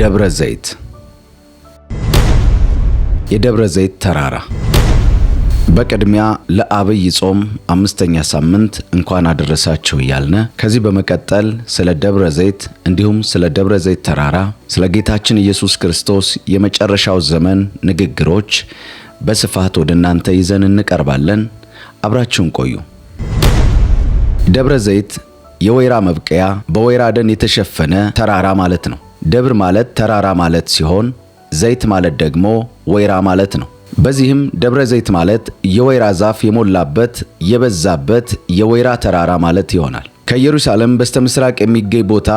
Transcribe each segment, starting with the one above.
ደብረ ዘይት የደብረ ዘይት ተራራ በቅድሚያ ለአብይ ጾም አምስተኛ ሳምንት እንኳን አደረሳችሁ እያልነ ከዚህ በመቀጠል ስለ ደብረ ዘይት እንዲሁም ስለ ደብረ ዘይት ተራራ ስለ ጌታችን ኢየሱስ ክርስቶስ የመጨረሻው ዘመን ንግግሮች በስፋት ወደ እናንተ ይዘን እንቀርባለን። አብራችሁን ቆዩ። ደብረ ዘይት የወይራ መብቀያ በወይራ ደን የተሸፈነ ተራራ ማለት ነው። ደብር ማለት ተራራ ማለት ሲሆን ዘይት ማለት ደግሞ ወይራ ማለት ነው። በዚህም ደብረ ዘይት ማለት የወይራ ዛፍ የሞላበት የበዛበት የወይራ ተራራ ማለት ይሆናል። ከኢየሩሳሌም በስተ ምስራቅ የሚገኝ ቦታ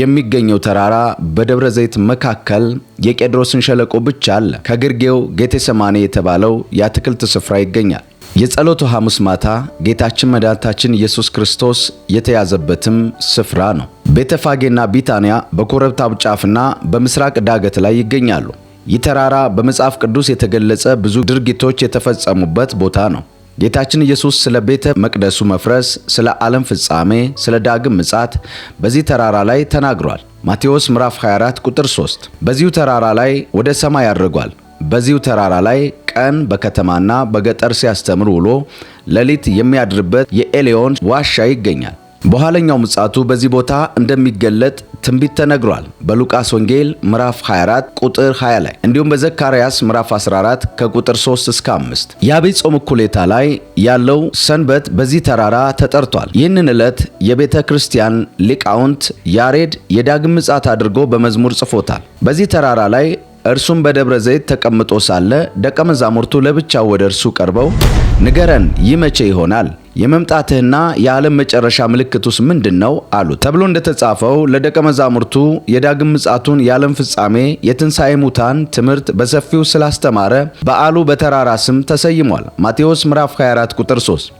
የሚገኘው ተራራ በደብረ ዘይት መካከል የቄድሮስን ሸለቆ ብቻ አለ። ከግርጌው ጌቴሰማኔ የተባለው የአትክልት ስፍራ ይገኛል። የጸሎቱ ሐሙስ ማታ ጌታችን መድኃኒታችን ኢየሱስ ክርስቶስ የተያዘበትም ስፍራ ነው። ቤተፋጌና ቢታንያ በኮረብታው ጫፍና በምስራቅ ዳገት ላይ ይገኛሉ። ይህ ተራራ በመጽሐፍ ቅዱስ የተገለጸ ብዙ ድርጊቶች የተፈጸሙበት ቦታ ነው። ጌታችን ኢየሱስ ስለ ቤተ መቅደሱ መፍረስ፣ ስለ ዓለም ፍጻሜ፣ ስለ ዳግም ምጻት በዚህ ተራራ ላይ ተናግሯል። ማቴዎስ ምዕራፍ 24 ቁጥር 3 በዚሁ ተራራ ላይ ወደ ሰማይ አድርጓል። በዚሁ ተራራ ላይ ቀን በከተማና በገጠር ሲያስተምር ውሎ ሌሊት የሚያድርበት የኤሌዮን ዋሻ ይገኛል። በኋለኛው ምጻቱ በዚህ ቦታ እንደሚገለጥ ትንቢት ተነግሯል። በሉቃስ ወንጌል ምዕራፍ 24 ቁጥር 20 ላይ እንዲሁም በዘካርያስ ምዕራፍ 14 ከቁጥር 3 እስከ 5 የአብይ ጾም እኩሌታ ላይ ያለው ሰንበት በዚህ ተራራ ተጠርቷል። ይህንን ዕለት የቤተ ክርስቲያን ሊቃውንት ያሬድ የዳግም ምጻት አድርጎ በመዝሙር ጽፎታል። በዚህ ተራራ ላይ እርሱም በደብረ ዘይት ተቀምጦ ሳለ ደቀ መዛሙርቱ ለብቻው ወደ እርሱ ቀርበው ንገረን፣ ይህ መቼ ይሆናል? የመምጣትህና የዓለም መጨረሻ ምልክቱስ ምንድን ነው አሉት። ተብሎ እንደተጻፈው ለደቀ መዛሙርቱ የዳግም ምጻቱን የዓለም ፍጻሜ፣ የትንሣኤ ሙታን ትምህርት በሰፊው ስላስተማረ በዓሉ በተራራ ስም ተሰይሟል። ማቴዎስ ምዕራፍ 24 ቁጥር 3።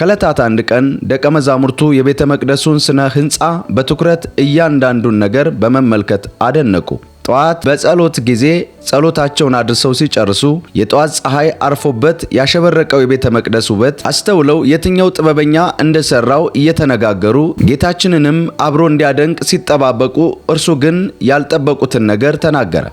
ከዕለታት አንድ ቀን ደቀ መዛሙርቱ የቤተ መቅደሱን ስነ ሕንፃ በትኩረት እያንዳንዱን ነገር በመመልከት አደነቁ። ጠዋት በጸሎት ጊዜ ጸሎታቸውን አድርሰው ሲጨርሱ የጠዋት ፀሐይ አርፎበት ያሸበረቀው የቤተ መቅደስ ውበት አስተውለው የትኛው ጥበበኛ እንደሰራው እየተነጋገሩ ጌታችንንም አብሮ እንዲያደንቅ ሲጠባበቁ እርሱ ግን ያልጠበቁትን ነገር ተናገረ።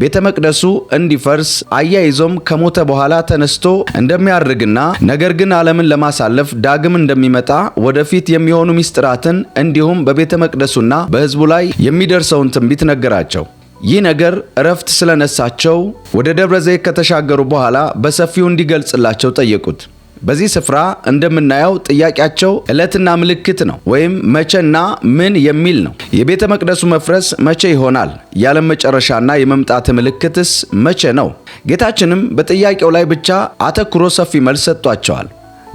ቤተ መቅደሱ እንዲፈርስ አያይዞም ከሞተ በኋላ ተነስቶ እንደሚያርግና ነገር ግን ዓለምን ለማሳለፍ ዳግም እንደሚመጣ ወደፊት የሚሆኑ ምስጥራትን እንዲሁም በቤተ መቅደሱና በሕዝቡ ላይ የሚደርሰውን ትንቢት ነገራቸው። ይህ ነገር እረፍት ስለነሳቸው ወደ ደብረ ዘይት ከተሻገሩ በኋላ በሰፊው እንዲገልጽላቸው ጠየቁት። በዚህ ስፍራ እንደምናየው ጥያቄያቸው ዕለትና ምልክት ነው ወይም መቼና ምን የሚል ነው። የቤተ መቅደሱ መፍረስ መቼ ይሆናል? የዓለም መጨረሻና የመምጣት ምልክትስ መቼ ነው? ጌታችንም በጥያቄው ላይ ብቻ አተኩሮ ሰፊ መልስ ሰጥቷቸዋል።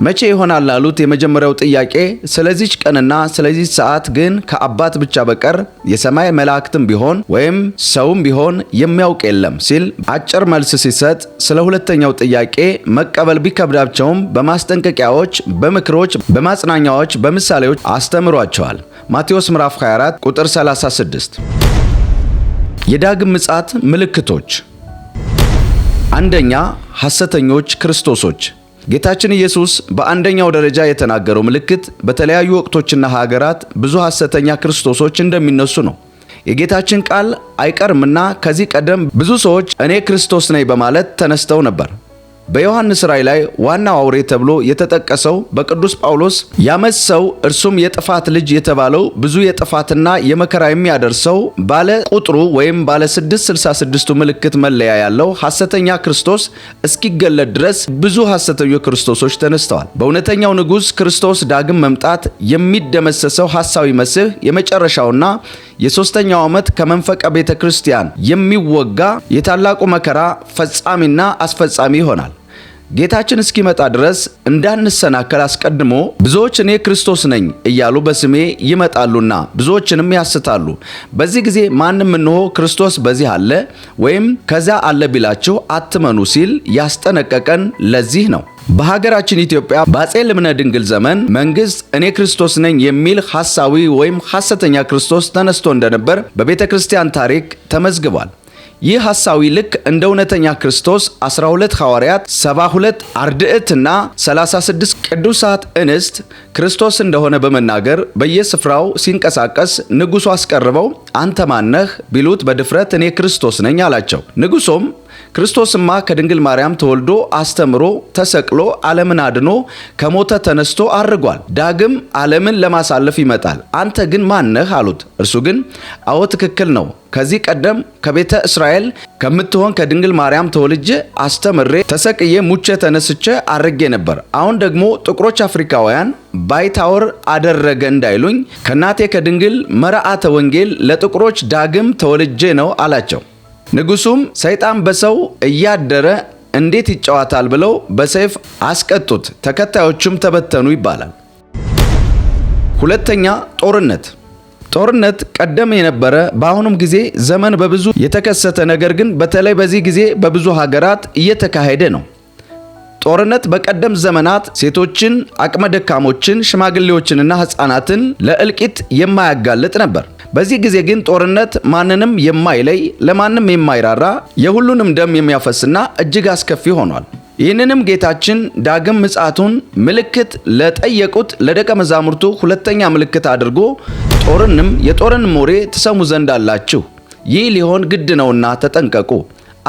መቼ ይሆናል ላሉት የመጀመሪያው ጥያቄ ስለዚች ቀንና ስለዚህ ሰዓት ግን ከአባት ብቻ በቀር የሰማይ መላእክትም ቢሆን ወይም ሰውም ቢሆን የሚያውቅ የለም ሲል አጭር መልስ ሲሰጥ፣ ስለ ሁለተኛው ጥያቄ መቀበል ቢከብዳቸውም በማስጠንቀቂያዎች፣ በምክሮች፣ በማጽናኛዎች፣ በምሳሌዎች አስተምሯቸዋል። ማቴዎስ ምዕራፍ 24 ቁጥር 36 የዳግም ምጻት ምልክቶች አንደኛ ሐሰተኞች ክርስቶሶች ጌታችን ኢየሱስ በአንደኛው ደረጃ የተናገረው ምልክት በተለያዩ ወቅቶችና ሀገራት ብዙ ሐሰተኛ ክርስቶሶች እንደሚነሱ ነው። የጌታችን ቃል አይቀርምና ከዚህ ቀደም ብዙ ሰዎች እኔ ክርስቶስ ነኝ በማለት ተነስተው ነበር። በዮሐንስ ራእይ ላይ ዋናው አውሬ ተብሎ የተጠቀሰው በቅዱስ ጳውሎስ ያመሰው እርሱም የጥፋት ልጅ የተባለው ብዙ የጥፋትና የመከራ የሚያደርሰው ባለ ቁጥሩ ወይም ባለ 666ቱ ምልክት መለያ ያለው ሐሰተኛ ክርስቶስ እስኪገለጥ ድረስ ብዙ ሐሰተኞ ክርስቶሶች ተነስተዋል። በእውነተኛው ንጉሥ ክርስቶስ ዳግም መምጣት የሚደመሰሰው ሐሳዊ መስህ የመጨረሻውና የሦስተኛው ዓመት ከመንፈቀ ቤተ ክርስቲያን የሚወጋ የታላቁ መከራ ፈጻሚና አስፈጻሚ ይሆናል። ጌታችን እስኪመጣ ድረስ እንዳንሰናከል አስቀድሞ ብዙዎች እኔ ክርስቶስ ነኝ እያሉ በስሜ ይመጣሉና ብዙዎችንም ያስታሉ። በዚህ ጊዜ ማንም እንሆ ክርስቶስ በዚህ አለ ወይም ከዚያ አለ ቢላችሁ አትመኑ ሲል ያስጠነቀቀን ለዚህ ነው። በሀገራችን ኢትዮጵያ በአፄ ልብነ ድንግል ዘመን መንግስት እኔ ክርስቶስ ነኝ የሚል ሐሳዊ ወይም ሐሰተኛ ክርስቶስ ተነስቶ እንደነበር በቤተ ክርስቲያን ታሪክ ተመዝግቧል። ይህ ሐሳዊ ልክ እንደ እውነተኛ ክርስቶስ 12 ሐዋርያት፣ 72 አርድእትና 36 ቅዱሳት እንስት ክርስቶስ እንደሆነ በመናገር በየስፍራው ሲንቀሳቀስ ንጉሡ አስቀርበው አንተ ማነህ ቢሉት በድፍረት እኔ ክርስቶስ ነኝ አላቸው። ንጉሡም ክርስቶስማ ከድንግል ማርያም ተወልዶ አስተምሮ ተሰቅሎ ዓለምን አድኖ ከሞተ ተነስቶ አርጓል። ዳግም ዓለምን ለማሳለፍ ይመጣል። አንተ ግን ማነህ አሉት። እርሱ ግን አዎ ትክክል ነው። ከዚህ ቀደም ከቤተ እስራኤል ከምትሆን ከድንግል ማርያም ተወልጄ አስተምሬ ተሰቅዬ ሙቼ ተነስቼ አርጌ ነበር። አሁን ደግሞ ጥቁሮች አፍሪካውያን ባይታወር አደረገ እንዳይሉኝ ከእናቴ ከድንግል መርዓተ ወንጌል ለጥቁሮች ዳግም ተወልጄ ነው አላቸው። ንጉሱም ሰይጣን በሰው እያደረ እንዴት ይጫወታል ብለው በሰይፍ አስቀጡት፣ ተከታዮቹም ተበተኑ ይባላል። ሁለተኛ ጦርነት ጦርነት ቀደም የነበረ በአሁኑም ጊዜ ዘመን በብዙ የተከሰተ ነገር ግን በተለይ በዚህ ጊዜ በብዙ ሀገራት እየተካሄደ ነው። ጦርነት በቀደም ዘመናት ሴቶችን፣ አቅመ ደካሞችን፣ ሽማግሌዎችንና ሕፃናትን ለእልቂት የማያጋልጥ ነበር። በዚህ ጊዜ ግን ጦርነት ማንንም የማይለይ ለማንም የማይራራ የሁሉንም ደም የሚያፈስና እጅግ አስከፊ ሆኗል። ይህንንም ጌታችን ዳግም ምጻቱን ምልክት ለጠየቁት ለደቀ መዛሙርቱ ሁለተኛ ምልክት አድርጎ ጦርንም የጦርን ሞሬ ትሰሙ ዘንድ አላችሁ፣ ይህ ሊሆን ግድ ነውና ተጠንቀቁ፣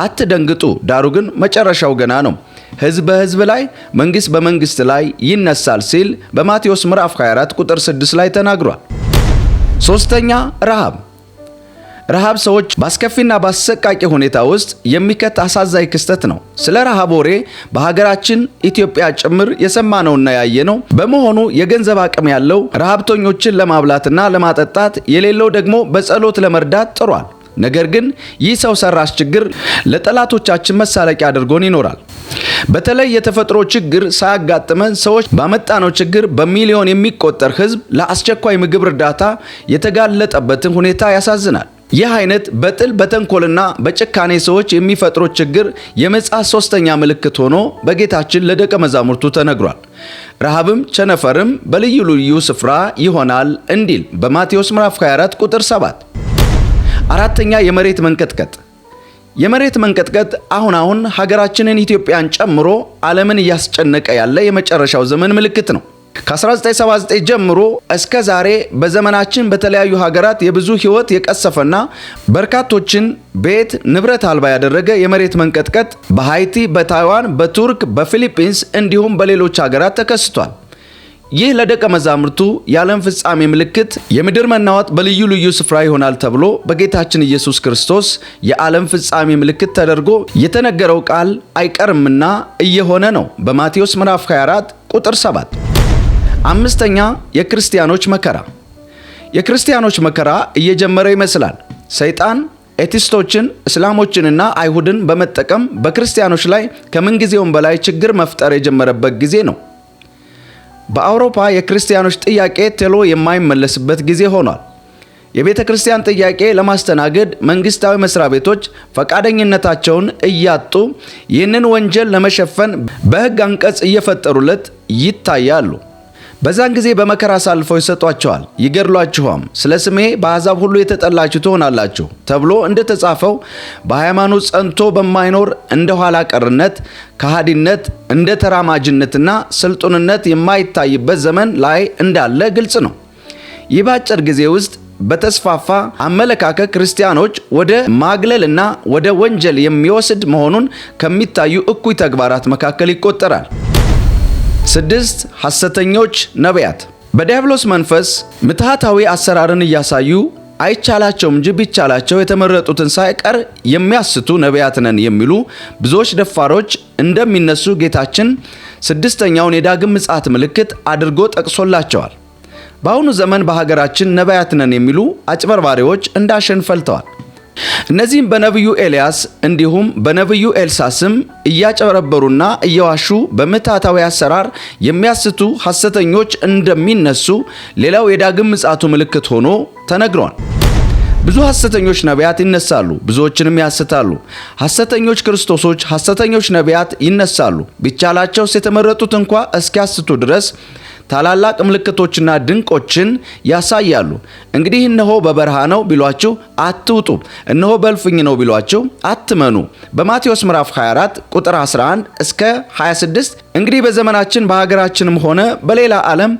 አትደንግጡ። ዳሩ ግን መጨረሻው ገና ነው ሕዝብ በሕዝብ ላይ መንግሥት በመንግሥት ላይ ይነሳል ሲል በማቴዎስ ምዕራፍ 24 ቁጥር 6 ላይ ተናግሯል። ሶስተኛ ረሃብ። ረሃብ ሰዎች በአስከፊና በአሰቃቂ ሁኔታ ውስጥ የሚከት አሳዛኝ ክስተት ነው። ስለ ረሃብ ወሬ በሀገራችን ኢትዮጵያ ጭምር የሰማነውና ያየነው በመሆኑ የገንዘብ አቅም ያለው ረሃብተኞችን ለማብላትና ለማጠጣት፣ የሌለው ደግሞ በጸሎት ለመርዳት ጥሯል። ነገር ግን ይህ ሰው ሰራሽ ችግር ለጠላቶቻችን መሳለቂያ አድርጎን ይኖራል። በተለይ የተፈጥሮ ችግር ሳያጋጥመን ሰዎች ባመጣነው ችግር በሚሊዮን የሚቆጠር ሕዝብ ለአስቸኳይ ምግብ እርዳታ የተጋለጠበትን ሁኔታ ያሳዝናል። ይህ አይነት በጥል በተንኮልና በጭካኔ ሰዎች የሚፈጥሩት ችግር የመጽሐፍ ሶስተኛ ምልክት ሆኖ በጌታችን ለደቀ መዛሙርቱ ተነግሯል። ረሃብም ቸነፈርም በልዩ ልዩ ስፍራ ይሆናል እንዲል በማቴዎስ ምዕራፍ 24 ቁጥር 7። አራተኛ የመሬት መንቀጥቀጥ የመሬት መንቀጥቀጥ አሁን አሁን ሀገራችንን ኢትዮጵያን ጨምሮ ዓለምን እያስጨነቀ ያለ የመጨረሻው ዘመን ምልክት ነው። ከ1979 ጀምሮ እስከ ዛሬ በዘመናችን በተለያዩ ሀገራት የብዙ ሕይወት የቀሰፈና በርካቶችን ቤት ንብረት አልባ ያደረገ የመሬት መንቀጥቀጥ በሃይቲ፣ በታይዋን፣ በቱርክ፣ በፊሊፒንስ እንዲሁም በሌሎች ሀገራት ተከስቷል። ይህ ለደቀ መዛሙርቱ የዓለም ፍጻሜ ምልክት የምድር መናወጥ በልዩ ልዩ ስፍራ ይሆናል ተብሎ በጌታችን ኢየሱስ ክርስቶስ የዓለም ፍጻሜ ምልክት ተደርጎ የተነገረው ቃል አይቀርምና እየሆነ ነው። በማቴዎስ ምዕራፍ 24 ቁጥር 7። አምስተኛ የክርስቲያኖች መከራ። የክርስቲያኖች መከራ እየጀመረ ይመስላል። ሰይጣን ኤቲስቶችን እስላሞችንና አይሁድን በመጠቀም በክርስቲያኖች ላይ ከምንጊዜውም በላይ ችግር መፍጠር የጀመረበት ጊዜ ነው። በአውሮፓ የክርስቲያኖች ጥያቄ ቶሎ የማይመለስበት ጊዜ ሆኗል። የቤተ ክርስቲያን ጥያቄ ለማስተናገድ መንግስታዊ መስሪያ ቤቶች ፈቃደኝነታቸውን እያጡ ይህንን ወንጀል ለመሸፈን በሕግ አንቀጽ እየፈጠሩለት ይታያሉ። በዛን ጊዜ በመከራ አሳልፈው ይሰጧቸዋል፣ ይገድሏችኋም፣ ስለ ስሜ በአሕዛብ ሁሉ የተጠላችሁ ትሆናላችሁ ተብሎ እንደተጻፈው በሃይማኖት ጸንቶ በማይኖር እንደ ኋላ ቀርነት፣ ከሃዲነት፣ እንደ ተራማጅነትና ስልጡንነት የማይታይበት ዘመን ላይ እንዳለ ግልጽ ነው። ይህ በአጭር ጊዜ ውስጥ በተስፋፋ አመለካከት ክርስቲያኖች ወደ ማግለልና ወደ ወንጀል የሚወስድ መሆኑን ከሚታዩ እኩይ ተግባራት መካከል ይቆጠራል። ስድስት ሐሰተኞች ነቢያት በዲያብሎስ መንፈስ ምትሃታዊ አሰራርን እያሳዩ አይቻላቸውም እንጂ ቢቻላቸው የተመረጡትን ሳይቀር የሚያስቱ ነቢያት ነን የሚሉ ብዙዎች ደፋሮች እንደሚነሱ ጌታችን ስድስተኛውን የዳግም ምጽአት ምልክት አድርጎ ጠቅሶላቸዋል። በአሁኑ ዘመን በሀገራችን ነቢያት ነን የሚሉ አጭበርባሪዎች እንዳሸንፈልተዋል። ፈልተዋል። እነዚህም በነቢዩ ኤልያስ እንዲሁም በነቢዩ ኤልሳ ስም እያጨበረበሩና እየዋሹ በምትሃታዊ አሰራር የሚያስቱ ሐሰተኞች እንደሚነሱ ሌላው የዳግም ምጻቱ ምልክት ሆኖ ተነግሯል። ብዙ ሐሰተኞች ነቢያት ይነሳሉ፣ ብዙዎችንም ያስታሉ። ሐሰተኞች ክርስቶሶች፣ ሐሰተኞች ነቢያት ይነሳሉ፣ ቢቻላቸውስ የተመረጡት እንኳ እስኪያስቱ ድረስ ታላላቅ ምልክቶችና ድንቆችን ያሳያሉ። እንግዲህ እነሆ በበረሃ ነው ቢሏችሁ አትውጡ፣ እነሆ በልፍኝ ነው ቢሏችሁ አትመኑ። በማቴዎስ ምዕራፍ 24 ቁጥር 11 እስከ 26 እንግዲህ በዘመናችን በሀገራችንም ሆነ በሌላ ዓለም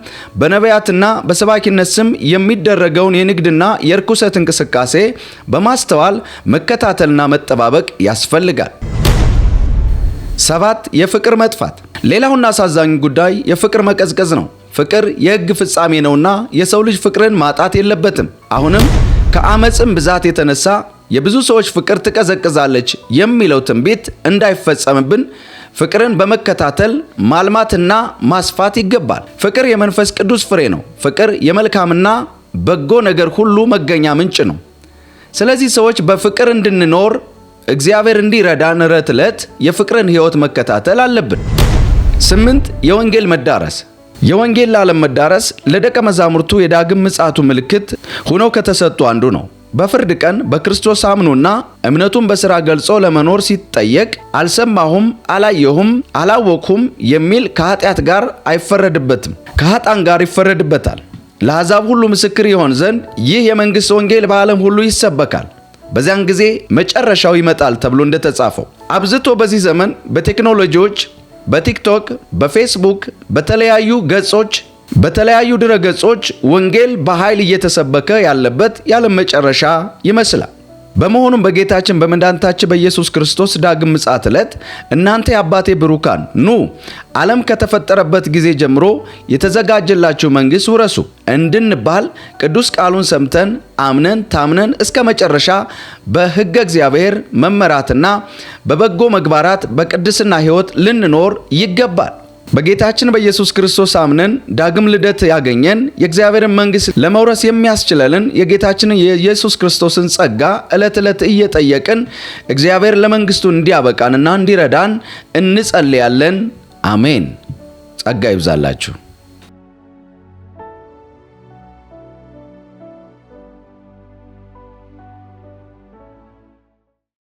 በነቢያትና በሰባኪነት ስም የሚደረገውን የንግድና የርኩሰት እንቅስቃሴ በማስተዋል መከታተልና መጠባበቅ ያስፈልጋል። ሰባት የፍቅር መጥፋት ሌላውና አሳዛኝ ጉዳይ የፍቅር መቀዝቀዝ ነው። ፍቅር የሕግ ፍጻሜ ነውና የሰው ልጅ ፍቅርን ማጣት የለበትም። አሁንም ከአመፅም ብዛት የተነሳ የብዙ ሰዎች ፍቅር ትቀዘቅዛለች የሚለው ትንቢት እንዳይፈጸምብን ፍቅርን በመከታተል ማልማትና ማስፋት ይገባል። ፍቅር የመንፈስ ቅዱስ ፍሬ ነው። ፍቅር የመልካምና በጎ ነገር ሁሉ መገኛ ምንጭ ነው። ስለዚህ ሰዎች በፍቅር እንድንኖር እግዚአብሔር እንዲረዳን ዕለት ዕለት የፍቅርን ሕይወት መከታተል አለብን። ስምንት የወንጌል መዳረስ የወንጌል ለዓለም መዳረስ ለደቀ መዛሙርቱ የዳግም ምጽአቱ ምልክት ሆነው ከተሰጡ አንዱ ነው። በፍርድ ቀን በክርስቶስ አምኖና እምነቱን በሥራ ገልጾ ለመኖር ሲጠየቅ አልሰማሁም፣ አላየሁም፣ አላወቅሁም የሚል ከኃጢአት ጋር አይፈረድበትም፣ ከኃጣን ጋር ይፈረድበታል። ለአሕዛብ ሁሉ ምስክር ይሆን ዘንድ ይህ የመንግሥት ወንጌል በዓለም ሁሉ ይሰበካል፣ በዚያን ጊዜ መጨረሻው ይመጣል ተብሎ እንደተጻፈው አብዝቶ በዚህ ዘመን በቴክኖሎጂዎች በቲክቶክ፣ በፌስቡክ፣ በተለያዩ ገጾች በተለያዩ ድረ ገጾች ወንጌል በኃይል እየተሰበከ ያለበት ያለ መጨረሻ ይመስላል። በመሆኑም በጌታችን በመድኃኒታችን በኢየሱስ ክርስቶስ ዳግም ምጽአት ዕለት እናንተ የአባቴ ብሩካን ኑ፣ ዓለም ከተፈጠረበት ጊዜ ጀምሮ የተዘጋጀላችሁ መንግሥት ውረሱ እንድንባል ቅዱስ ቃሉን ሰምተን አምነን ታምነን እስከ መጨረሻ በሕገ እግዚአብሔር መመራትና በበጎ መግባራት በቅድስና ሕይወት ልንኖር ይገባል። በጌታችን በኢየሱስ ክርስቶስ አምነን ዳግም ልደት ያገኘን የእግዚአብሔርን መንግሥት ለመውረስ የሚያስችለልን የጌታችንን የኢየሱስ ክርስቶስን ጸጋ ዕለት ዕለት እየጠየቅን እግዚአብሔር ለመንግሥቱ እንዲያበቃንና እንዲረዳን እንጸልያለን። አሜን። ጸጋ ይብዛላችሁ።